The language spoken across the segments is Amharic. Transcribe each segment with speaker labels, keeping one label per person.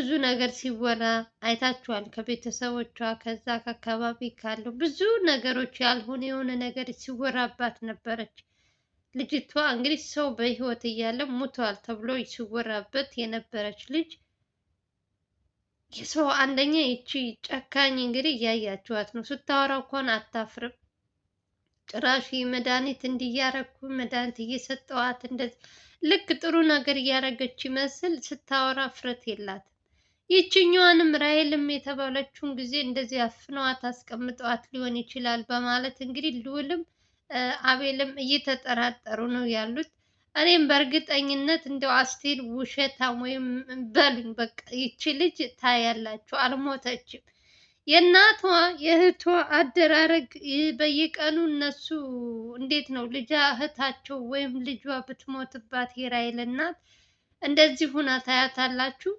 Speaker 1: ብዙ ነገር ሲወራ አይታችኋል። ከቤተሰቦቿ ከዛ ከአካባቢ ካለው ብዙ ነገሮች ያልሆነ የሆነ ነገር ሲወራባት ነበረች። ልጅቷ እንግዲህ ሰው በህይወት እያለ ሙቷል ተብሎ ሲወራበት የነበረች ልጅ የሰው አንደኛ ይቺ ጨካኝ እንግዲህ እያያችኋት ነው። ስታወራ እንኳን አታፍርም። ጭራሽ መድኃኒት እንዲያረኩ መድኃኒት እየሰጠዋት እንደዚህ ልክ ጥሩ ነገር እያደረገች ይመስል ስታወራ ፍረት የላት። ይችኛዋንም ራይልም የተባለችውን ጊዜ እንደዚህ አፍነዋት አስቀምጠዋት ሊሆን ይችላል በማለት እንግዲህ ልውልም አቤልም እየተጠራጠሩ ነው ያሉት። እኔም በእርግጠኝነት እንደው አስቴር ውሸታም ወይም በሉኝ በቃ ይቺ ልጅ ታያላችሁ፣ አልሞተችም። የእናቷ የእህቷ አደራረግ በየቀኑ እነሱ እንዴት ነው ልጃ እህታቸው ወይም ልጇ ብትሞትባት የራሔል እናት እንደዚህ ሁና ታያታላችሁ።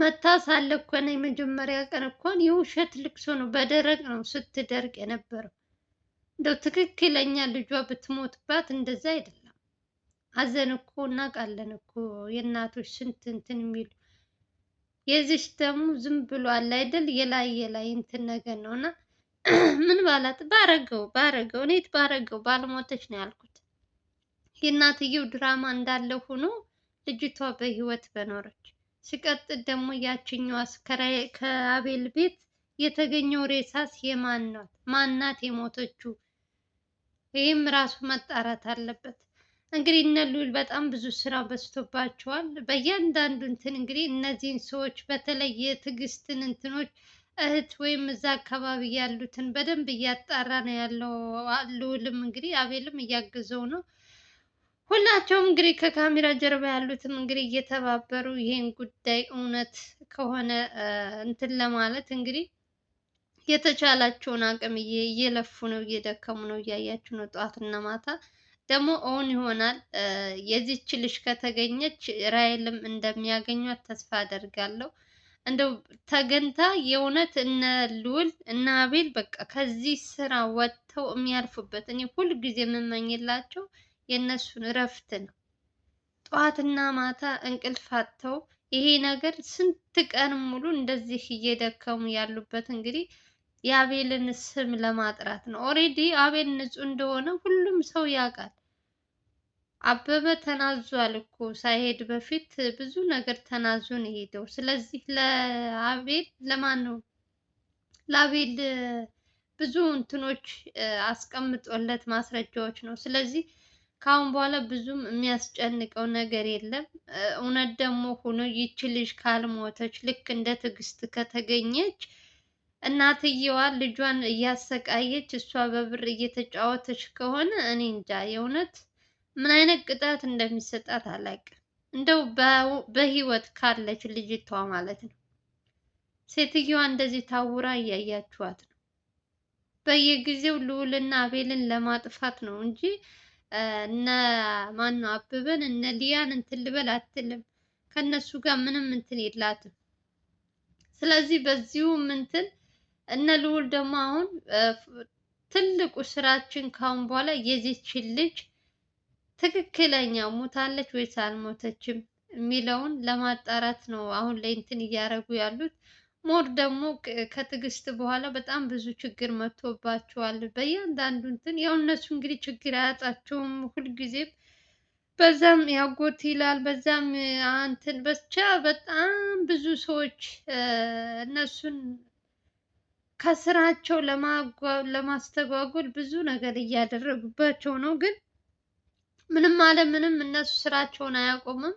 Speaker 1: መታ ሳለ እኮ ነው የመጀመሪያ ቀን እኮን የውሸት ልቅሶ ነው። በደረቅ ነው ስትደርቅ የነበረው። እንደው ትክክለኛ ልጇ ብትሞትባት እንደዛ አይደለም። አዘን እኮ እናውቃለን እኮ የእናቶች ስንት እንትን የሚሉ የዚች ደግሞ ዝም ብሎ አለ አይደል የላይ የላይ እንትን ነገር ነው እና ምን ባላት ባረገው ባረገው እኔት ባረገው ባልሞተች ነው ያልኩት። የእናትየው ድራማ እንዳለ ሆኖ ልጅቷ በህይወት በኖረች ሲቀጥል ደግሞ ያችኛዋ ከአቤል ቤት የተገኘው ሬሳስ የማን ናት? ማናት የሞተችው? ይህም ራሱ መጣራት አለበት። እንግዲህ እነ ልዑል በጣም ብዙ ስራ በዝቶባቸዋል። በእያንዳንዱ እንትን እንግዲህ እነዚህን ሰዎች በተለይ የትዕግስትን እንትኖች እህት ወይም እዛ አካባቢ ያሉትን በደንብ እያጣራ ነው ያለው። ልዑልም እንግዲህ አቤልም እያገዘው ነው። ሁላቸውም እንግዲህ ከካሜራ ጀርባ ያሉትም እንግዲህ እየተባበሩ ይህን ጉዳይ እውነት ከሆነ እንትን ለማለት እንግዲህ የተቻላቸውን አቅም እየለፉ ነው፣ እየደከሙ ነው። እያያችሁ ነው። ጠዋትና ማታ ደግሞ እውን ይሆናል። የዚች ልጅ ከተገኘች ራይልም እንደሚያገኟት ተስፋ አደርጋለሁ። እንደው ተገንታ የእውነት እነ ልውል እና አቤል በቃ ከዚህ ስራ ወጥተው የሚያልፉበት እኔ ሁልጊዜ የምመኝላቸው የእነሱን እረፍት ነው። ጠዋትና ማታ እንቅልፍ አጥተው ይሄ ነገር ስንት ቀን ሙሉ እንደዚህ እየደከሙ ያሉበት እንግዲህ የአቤልን ስም ለማጥራት ነው። ኦሬዲ አቤል ንጹሕ እንደሆነ ሁሉም ሰው ያውቃል። አበበ ተናዟል እኮ ሳይሄድ በፊት ብዙ ነገር ተናዞ ነው የሄደው። ስለዚህ ለአቤል ለማን ነው ለአቤል ብዙ እንትኖች አስቀምጦለት ማስረጃዎች ነው። ስለዚህ ከአሁን በኋላ ብዙም የሚያስጨንቀው ነገር የለም። እውነት ደግሞ ሆኖ ይቺ ልጅ ካልሞተች ልክ እንደ ትዕግስት ከተገኘች እናትየዋ ልጇን እያሰቃየች እሷ በብር እየተጫወተች ከሆነ እኔ እንጃ የእውነት ምን አይነት ቅጣት እንደሚሰጣት አላውቅም። እንደው በህይወት ካለች ልጅቷ ማለት ነው። ሴትየዋ እንደዚህ ታውራ እያያችኋት ነው። በየጊዜው ልዑልና አቤልን ለማጥፋት ነው እንጂ እነ ማነው አበበን እነ ሊያን እንትን ልበል አትልም። ከእነሱ ጋር ምንም እንትን የላትም። ስለዚህ በዚሁ እንትን እነ ልዑል ደግሞ አሁን ትልቁ ስራችን ካሁን በኋላ የዚችን ልጅ ትክክለኛ ሞታለች ወይስ አልሞተችም የሚለውን ለማጣራት ነው አሁን ላይ እንትን እያደረጉ ያሉት። ሞር ደግሞ ከትዕግስት በኋላ በጣም ብዙ ችግር መጥቶባቸዋል። በእያንዳንዱ እንትን ያው እነሱ እንግዲህ ችግር አያጣቸውም ሁልጊዜም በዛም ያጎት ይላል በዛም አንትን ብቻ በጣም ብዙ ሰዎች እነሱን ከስራቸው ለማስተጓጎል ብዙ ነገር እያደረጉባቸው ነው። ግን ምንም አለ ምንም እነሱ ስራቸውን አያቆምም።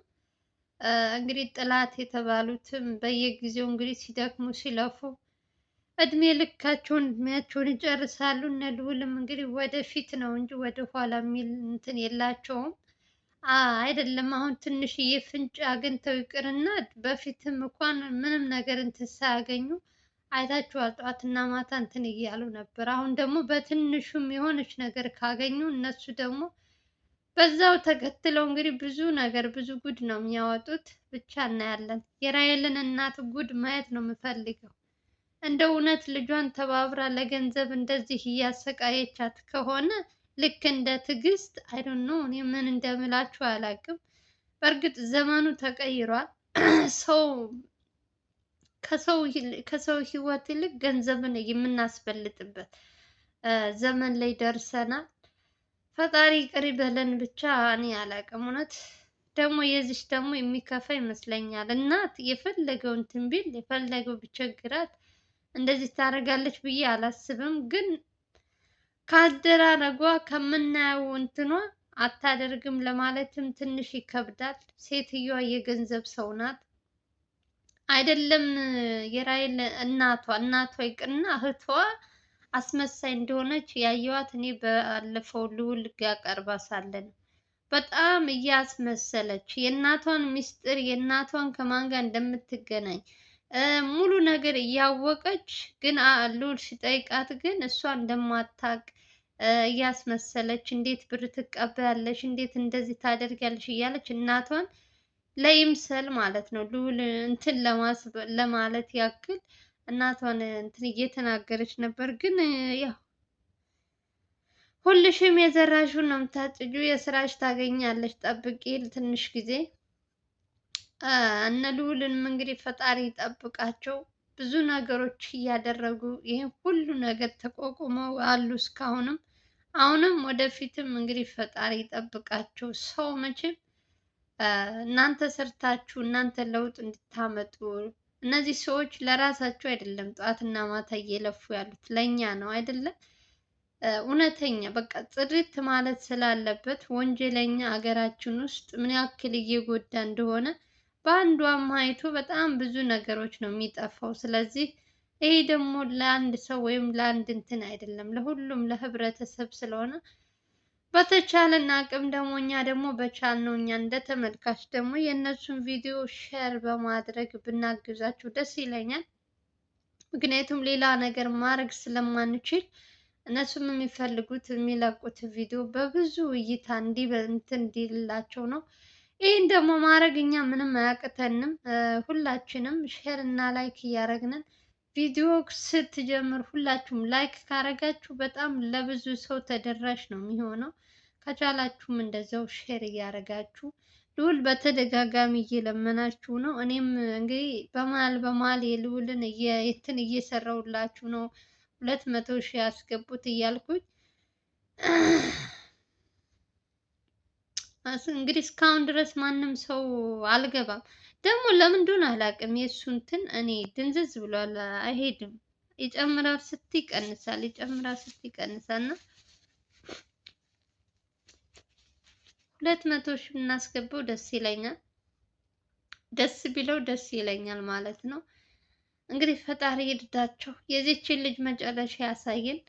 Speaker 1: እንግዲህ ጥላት የተባሉትም በየጊዜው እንግዲህ ሲደክሙ ሲለፉ እድሜ ልካቸውን እድሜያቸውን ይጨርሳሉ። እነ ልዑልም እንግዲህ ወደፊት ነው እንጂ ወደ ኋላ የሚል እንትን የላቸውም። አይደለም አሁን ትንሽዬ ፍንጭ አግኝተው ይቅርና በፊትም እንኳን ምንም ነገር እንትን ሳያገኙ አይታችኋል። ጠዋትና ማታ እንትን እያሉ ነበር። አሁን ደግሞ በትንሹም የሆነች ነገር ካገኙ እነሱ ደግሞ በዛው ተከትለው እንግዲህ ብዙ ነገር ብዙ ጉድ ነው የሚያወጡት። ብቻ እናያለን። የራሔልን እናት ጉድ ማየት ነው የምፈልገው። እንደ እውነት ልጇን ተባብራ ለገንዘብ እንደዚህ እያሰቃየቻት ከሆነ ልክ እንደ ትዕግስት አይዶን ነው። እኔ ምን እንደምላችሁ አላውቅም። በእርግጥ ዘመኑ ተቀይሯል። ሰው ከሰው ህይወት ይልቅ ገንዘብን የምናስበልጥበት ዘመን ላይ ደርሰናል። ፈጣሪ ቅሪ በለን ብቻ። እኔ አላቅም እውነት ደግሞ የዚች ደግሞ የሚከፋ ይመስለኛል። እናት የፈለገውን ትንቢል የፈለገው ቢቸግራት እንደዚህ ታደርጋለች ብዬ አላስብም። ግን ከአደራረጓ ከምናየው እንትኗ አታደርግም ለማለትም ትንሽ ይከብዳል። ሴትዮዋ የገንዘብ ሰው ናት። አይደለም የራይል እናቷ እናቷ ይቅርና እህቷ አስመሳይ እንደሆነች ያየዋት እኔ ባለፈው ልዑል ያቀርባ ቀርባ ሳለ ነው። በጣም እያስመሰለች የእናቷን ሚስጥር የእናቷን ከማን ጋር እንደምትገናኝ ሙሉ ነገር እያወቀች ግን ልዑል ሲጠይቃት ግን እሷ እንደማታቅ እያስመሰለች እንዴት ብር ትቀበያለች? እንዴት እንደዚህ ታደርጊያለሽ እያለች እናቷን ለይምሰል ማለት ነው ልዑል እንትን ለማለት ያክል እናቷን እንትን እየተናገረች ነበር። ግን ያው ሁልሽም የዘራሽውን ነው የምታጭጁ፣ የስራሽ ታገኛለች ጠብቂ ትንሽ ጊዜ። እነ ልዑልንም እንግዲህ ፈጣሪ ይጠብቃቸው። ብዙ ነገሮች እያደረጉ ይህን ሁሉ ነገር ተቋቁመው አሉ እስካሁንም አሁንም ወደፊትም እንግዲህ ፈጣሪ ይጠብቃቸው። ሰው መቼም እናንተ ሰርታችሁ እናንተ ለውጥ እንድታመጡ እነዚህ ሰዎች ለራሳቸው አይደለም ጧትና ማታ እየለፉ ያሉት ለእኛ ነው አይደለም። እውነተኛ በቃ ጽድት ማለት ስላለበት ወንጀለኛ አገራችን ውስጥ ምን ያክል እየጎዳ እንደሆነ በአንዷም አይቶ በጣም ብዙ ነገሮች ነው የሚጠፋው። ስለዚህ ይሄ ደግሞ ለአንድ ሰው ወይም ለአንድ እንትን አይደለም፣ ለሁሉም ለህብረተሰብ ስለሆነ በተቻለን አቅም ደግሞ እኛ ደግሞ በቻልነው እኛ እንደ ተመልካች ደግሞ የእነሱን ቪዲዮ ሼር በማድረግ ብናግዛቸው ደስ ይለኛል። ምክንያቱም ሌላ ነገር ማድረግ ስለማንችል እነሱም የሚፈልጉት የሚለቁት ቪዲዮ በብዙ እይታ እንትን እንዲልላቸው ነው። ይህን ደግሞ ማድረግ እኛ ምንም አያቅተንም። ሁላችንም ሼር እና ላይክ እያደረግንን ቪዲዮ ስትጀምር ሁላችሁም ላይክ ካረጋችሁ በጣም ለብዙ ሰው ተደራሽ ነው የሚሆነው። ከቻላችሁም እንደዛው ሼር እያደረጋችሁ ልዑል በተደጋጋሚ እየለመናችሁ ነው። እኔም እንግዲህ በመሀል በመሀል የልዑልን የትን እየሰራሁላችሁ ነው። ሁለት መቶ ሺ ያስገቡት እያልኩኝ እንግዲህ እስካሁን ድረስ ማንም ሰው አልገባም። ደግሞ ለምን እንደሆነ አላውቅም። የእሱ እንትን እኔ ድንዝዝ ብሏል፣ አይሄድም። ይጨምራል ስት ይቀንሳል፣ ይጨምራል ስት ይቀንሳል። እና ሁለት መቶ ሺህ ብናስገባው ደስ ይለኛል። ደስ ቢለው ደስ ይለኛል ማለት ነው። እንግዲህ ፈጣሪ ይርዳቸው። የዚችን ልጅ መጨረሻ ያሳየን።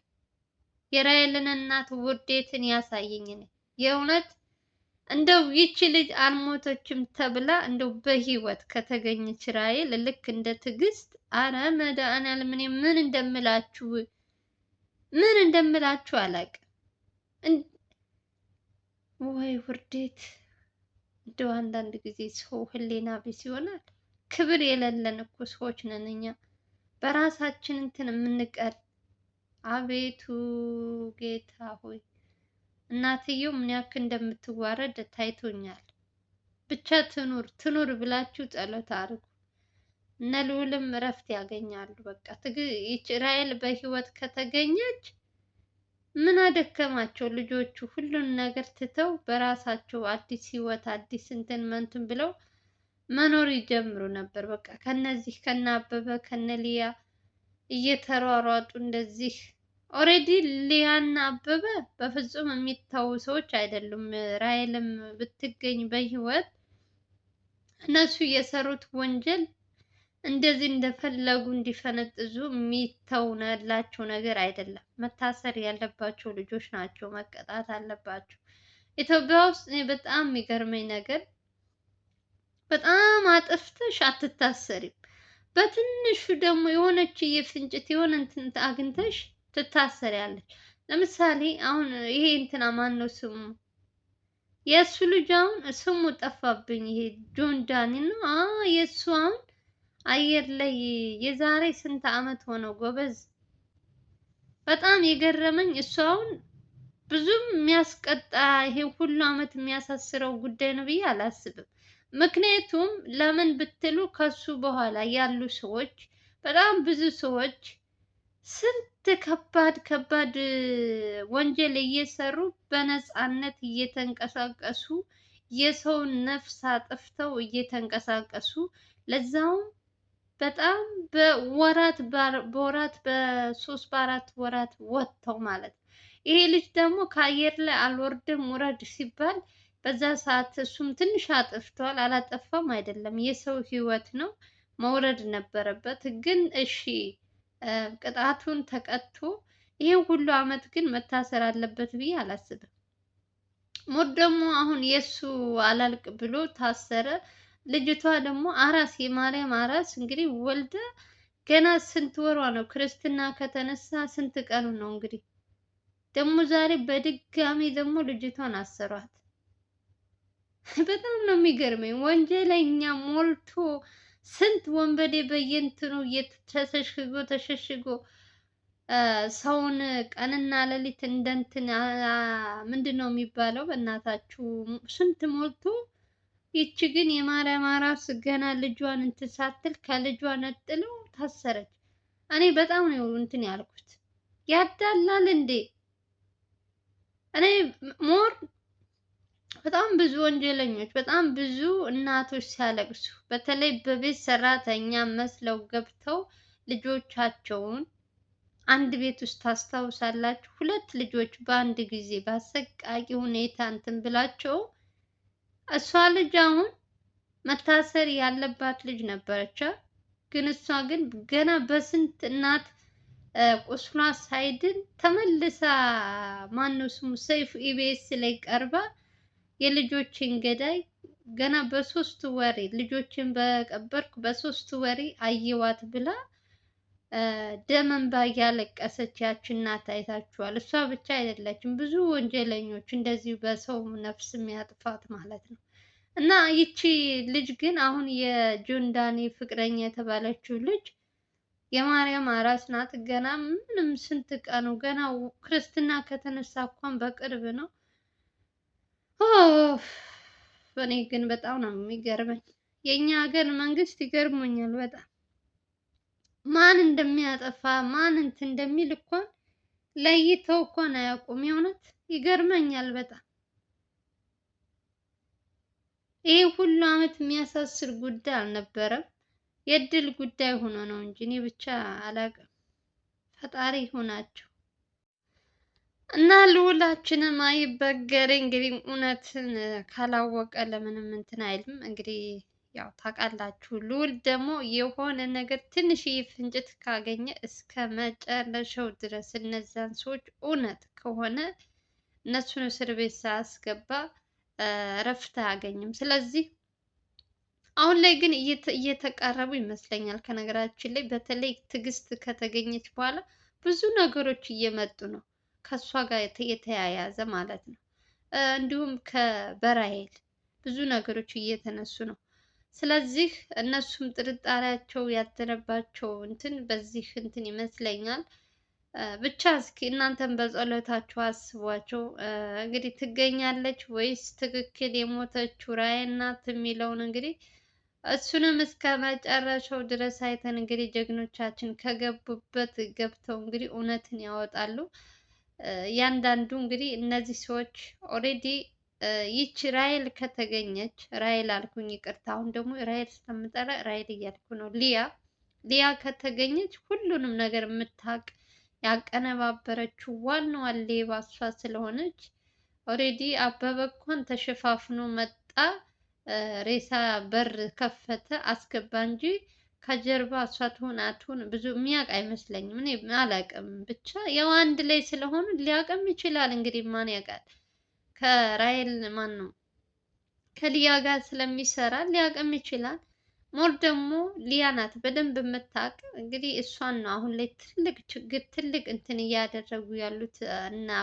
Speaker 1: የራሔልን እናት ውዴትን ያሳየኝ የእውነት እንደው ይቺ ልጅ አልሞተችም ተብላ እንደው በህይወት ከተገኘች ራሔል ልክ እንደ ትዕግስት አረ መድኃኒዓለም እኔ ምን እንደምላችሁ ምን እንደምላችሁ አላውቅም። ወይ ውርዴት! እንደው አንዳንድ ጊዜ ሰው ህሊና ቢስ ይሆናል። ክብር የሌለን እኮ ሰዎች ነን እኛ በራሳችን እንትን የምንቀር አቤቱ ጌታ ሆይ እናትየው ምን ያክል እንደምትዋረድ ታይቶኛል። ብቻ ትኑር ትኑር ብላችሁ ጸሎት አድርጉ። እነ ልዑልም እረፍት ያገኛሉ። በቃ ይች ራሔል በህይወት ከተገኘች ምን አደከማቸው ልጆቹ? ሁሉን ነገር ትተው በራሳቸው አዲስ ህይወት አዲስ እንትን መንትን ብለው መኖር ይጀምሩ ነበር። በቃ ከነዚህ ከነ አበበ ከነ ሊያ እየተሯሯጡ እንደዚህ ኦሬዲ ሊያና አበበ በፍጹም የሚታዩ ሰዎች አይደሉም። ራይልም ብትገኝ በህይወት እነሱ የሰሩት ወንጀል እንደዚህ እንደፈለጉ እንዲፈነጥዙ የሚተውናላቸው ነገር አይደለም። መታሰር ያለባቸው ልጆች ናቸው። መቀጣት አለባቸው። ኢትዮጵያ ውስጥ እኔ በጣም የሚገርመኝ ነገር በጣም አጥፍተሽ አትታሰሪም። በትንሹ ደግሞ የሆነች የፍንጭት የሆነ እንትን አግኝተሽ ትታሰሪያለች። ለምሳሌ አሁን ይሄ እንትና ማን ነው ስሙ? የእሱ ልጅ አሁን ስሙ ጠፋብኝ። ይሄ ጆን ዳኒ ነው። አ የእሱ አሁን አየር ላይ የዛሬ ስንት አመት ሆነው ጎበዝ። በጣም የገረመኝ እሱ አሁን ብዙም የሚያስቀጣ ይሄ ሁሉ አመት የሚያሳስረው ጉዳይ ነው ብዬ አላስብም። ምክንያቱም ለምን ብትሉ ከሱ በኋላ ያሉ ሰዎች በጣም ብዙ ሰዎች ስንት ከባድ ከባድ ወንጀል እየሰሩ በነፃነት እየተንቀሳቀሱ የሰውን ነፍስ አጥፍተው እየተንቀሳቀሱ ለዛውም በጣም በወራት በወራት በሶስት በአራት ወራት ወጥተው ማለት ነው። ይሄ ልጅ ደግሞ ከአየር ላይ አልወርድም ውረድ ሲባል በዛ ሰዓት እሱም ትንሽ አጥፍቷል። አላጠፋም አይደለም፣ የሰው ህይወት ነው መውረድ ነበረበት። ግን እሺ ቅጣቱን ተቀጥቶ ይህን ሁሉ አመት ግን መታሰር አለበት ብዬ አላስብም። ሞት ደግሞ አሁን የእሱ አላልቅ ብሎ ታሰረ። ልጅቷ ደግሞ አራስ የማርያም አራስ እንግዲህ ወልደ ገና ስንት ወሯ ነው? ክርስትና ከተነሳ ስንት ቀኑ ነው? እንግዲህ ደግሞ ዛሬ በድጋሚ ደግሞ ልጅቷን አሰሯት። በጣም ነው የሚገርመኝ ወንጀለኛ ሞልቶ ስንት ወንበዴ በየንትኑ ተሸሽጎ ተሸሽጎ ሰውን ቀንና ሌሊት እንደንትን ምንድን ነው የሚባለው? በእናታችሁ ስንት ሞልቶ። ይቺ ግን የማርያም አራስ ገና ልጇን እንትን ሳትል ከልጇ ነጥሎ ታሰረች። እኔ በጣም ነው እንትን ያልኩት። ያዳላል እንዴ! እኔ ሞር በጣም ብዙ ወንጀለኞች፣ በጣም ብዙ እናቶች ሲያለቅሱ፣ በተለይ በቤት ሰራተኛ መስለው ገብተው ልጆቻቸውን አንድ ቤት ውስጥ ታስታውሳላችሁ። ሁለት ልጆች በአንድ ጊዜ በአሰቃቂ ሁኔታ እንትን ብላቸው። እሷ ልጅ አሁን መታሰር ያለባት ልጅ ነበረች፣ ግን እሷ ግን ገና በስንት እናት ቁስሏ ሳይድን ተመልሳ ማነው ስሙ ሰይፉ ኢቢኤስ ላይ ቀርባ የልጆችን ገዳይ ገና በሶስት ወሬ ልጆችን በቀበርኩ በሶስት ወሬ አየዋት ብላ ደም እንባ እያለቀሰች ያች እናት አይታችኋል። እሷ ብቻ አይደለችም፣ ብዙ ወንጀለኞች እንደዚሁ በሰው ነፍስ የሚያጥፋት ማለት ነው። እና ይቺ ልጅ ግን አሁን የጆን ዳኒ ፍቅረኛ የተባለችው ልጅ የማርያም አራስ ናት። ገና ምንም ስንት ቀኑ ገና ክርስትና ከተነሳ እንኳን በቅርብ ነው። እኔ ግን በጣም ነው የሚገርመኝ የእኛ ሀገር መንግስት ይገርሙኛል በጣም ማን እንደሚያጠፋ ማን እንትን እንደሚል እንኳን ለይተው እንኳን አያውቁም። የእውነት ይገርመኛል በጣም ይህ ሁሉ አመት የሚያሳስር ጉዳይ አልነበረም። የእድል ጉዳይ ሆኖ ነው እንጂ እኔ ብቻ አላውቅም። ፈጣሪ ይሆናቸው። እና ልውላችንም አይበገሬ እንግዲህ እውነትን ካላወቀ ለምንም እንትን አይልም። እንግዲህ ያው ታውቃላችሁ፣ ልውል ደግሞ የሆነ ነገር ትንሽዬ ፍንጭት ካገኘ እስከ መጨረሻው ድረስ እነዛን ሰዎች እውነት ከሆነ እነሱን እስር ቤት ሳያስገባ እረፍት አያገኝም። ስለዚህ አሁን ላይ ግን እየተቃረቡ ይመስለኛል። ከነገራችን ላይ በተለይ ትዕግስት ከተገኘች በኋላ ብዙ ነገሮች እየመጡ ነው። ከእሷ ጋር የተያያዘ ማለት ነው። እንዲሁም ከበራሄል ብዙ ነገሮች እየተነሱ ነው። ስለዚህ እነሱም ጥርጣሬያቸው ያደረባቸው እንትን በዚህ እንትን ይመስለኛል። ብቻ እስኪ እናንተም በጸሎታችሁ አስቧቸው። እንግዲህ ትገኛለች ወይስ ትክክል የሞተችው ራዕይ ናት የሚለውን እንግዲህ እሱንም እስከ መጨረሻው ድረስ አይተን እንግዲህ ጀግኖቻችን ከገቡበት ገብተው እንግዲህ እውነትን ያወጣሉ። እያንዳንዱ እንግዲህ እነዚህ ሰዎች ኦሬዲ ይች ራይል ከተገኘች ራይል አልኩኝ፣ ይቅርታ። አሁን ደግሞ ራይል ስለምጠራ ራይል እያልኩ ነው። ሊያ ሊያ ከተገኘች ሁሉንም ነገር የምታውቅ ያቀነባበረችው ዋናዋ ሌባ እሷ ስለሆነች ኦሬዲ አበበ እንኳን ተሸፋፍኖ መጣ፣ ሬሳ በር ከፈተ፣ አስገባ እንጂ ከጀርባ እሷ ትሁን አትሁን ብዙ የሚያውቅ አይመስለኝም። እኔ አላውቅም፣ ብቻ ያው አንድ ላይ ስለሆኑ ሊያውቅም ይችላል። እንግዲህ ማን ያውቃል? ከራይል ማን ነው ከሊያ ጋር ስለሚሰራ ሊያውቅም ይችላል። ሞር ደግሞ ሊያ ናት በደንብ የምታውቅ። እንግዲህ እሷን ነው አሁን ላይ ትልቅ ችግር ትልቅ እንትን እያደረጉ ያሉት እና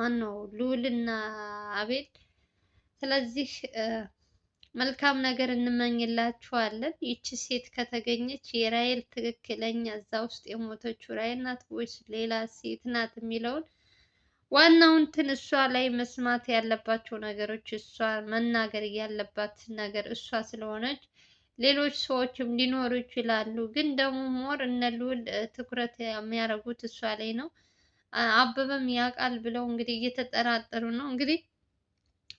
Speaker 1: ማን ነው ልዑልና አቤል። ስለዚህ መልካም ነገር እንመኝላችኋለን። ይቺ ሴት ከተገኘች የራይል ትክክለኛ እዛ ውስጥ የሞተችው ራሔል ናት ወይስ ሌላ ሴት ናት የሚለውን ዋናው እንትን እሷ ላይ መስማት ያለባቸው ነገሮች እሷ መናገር ያለባት ነገር እሷ ስለሆነች ሌሎች ሰዎችም ሊኖሩ ይችላሉ። ግን ደግሞ ሞር እነ ልዑል ትኩረት የሚያደርጉት እሷ ላይ ነው። አበበም ያውቃል ብለው እንግዲህ እየተጠራጠሩ ነው እንግዲህ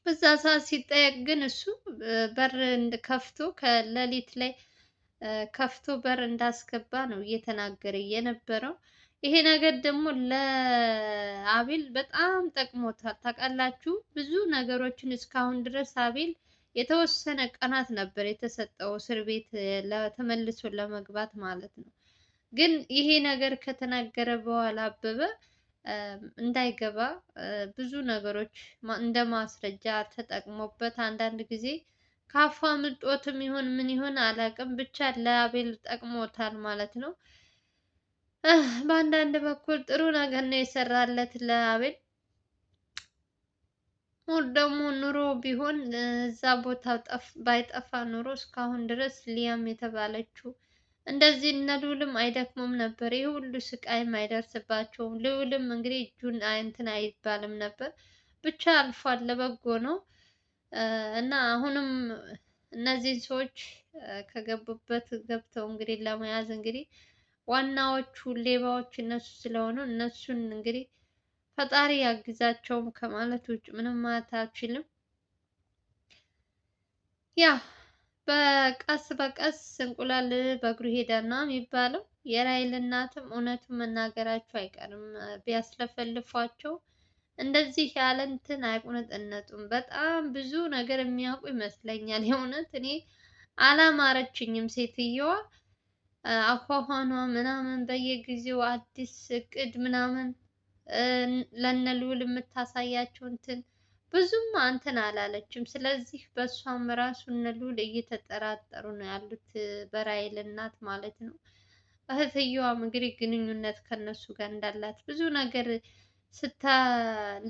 Speaker 1: በዛ ሰዓት ሲጠየቅ ግን እሱ በር ከፍቶ ከሌሊት ላይ ከፍቶ በር እንዳስገባ ነው እየተናገረ የነበረው። ይሄ ነገር ደግሞ ለአቤል በጣም ጠቅሞታል። ታውቃላችሁ ብዙ ነገሮችን እስካሁን ድረስ አቤል የተወሰነ ቀናት ነበር የተሰጠው እስር ቤት ተመልሶ ለመግባት ማለት ነው። ግን ይሄ ነገር ከተናገረ በኋላ አበበ እንዳይገባ ብዙ ነገሮች እንደ ማስረጃ ተጠቅሞበት አንዳንድ ጊዜ ከአፉ አምልጦትም ይሁን ምን ይሆን አላውቅም፣ ብቻ ለአቤል ጠቅሞታል ማለት ነው። በአንዳንድ በኩል ጥሩ ነገር ነው የሰራለት ለአቤል። ሙር ደግሞ ኑሮ ቢሆን እዛ ቦታ ባይጠፋ ኑሮ እስካሁን ድረስ ሊያም የተባለችው እንደዚህ እነ ልዑልም አይደክሙም ነበር። ይህ ሁሉ ስቃይም አይደርስባቸውም። ልዑልም እንግዲህ እጁን እንትን አይባልም ነበር። ብቻ አልፏል፣ ለበጎ ነው እና አሁንም እነዚህን ሰዎች ከገቡበት ገብተው እንግዲህ ለመያዝ እንግዲህ ዋናዎቹ ሌባዎች እነሱ ስለሆኑ እነሱን እንግዲህ ፈጣሪ ያግዛቸውም ከማለት ውጭ ምንም ማለት አልችልም ያው በቀስ በቀስ እንቁላል በእግሩ ሄዳል ነው የሚባለው። የራሔል እናትም እውነቱን መናገራቸው አይቀርም። ቢያስለፈልፏቸው እንደዚህ ያለ እንትን አይቁነጥነጡም። በጣም ብዙ ነገር የሚያውቁ ይመስለኛል። የእውነት እኔ አላማረችኝም ሴትየዋ። አኳኋኗ ምናምን በየጊዜው አዲስ እቅድ ምናምን ለነ ልዑል የምታሳያቸው እንትን ብዙም አንተን አላለችም። ስለዚህ በእሷም ራሱ እነ ልዑል እየተጠራጠሩ ነው ያሉት በራይል እናት ማለት ነው። እህትየዋም እንግዲህ ግንኙነት ከነሱ ጋር እንዳላት ብዙ ነገር ስታ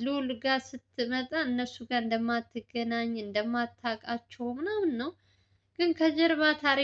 Speaker 1: ልዑል ጋር ስትመጣ እነሱ ጋር እንደማትገናኝ እንደማታውቃቸው ምናምን ነው። ግን ከጀርባ ታሪክ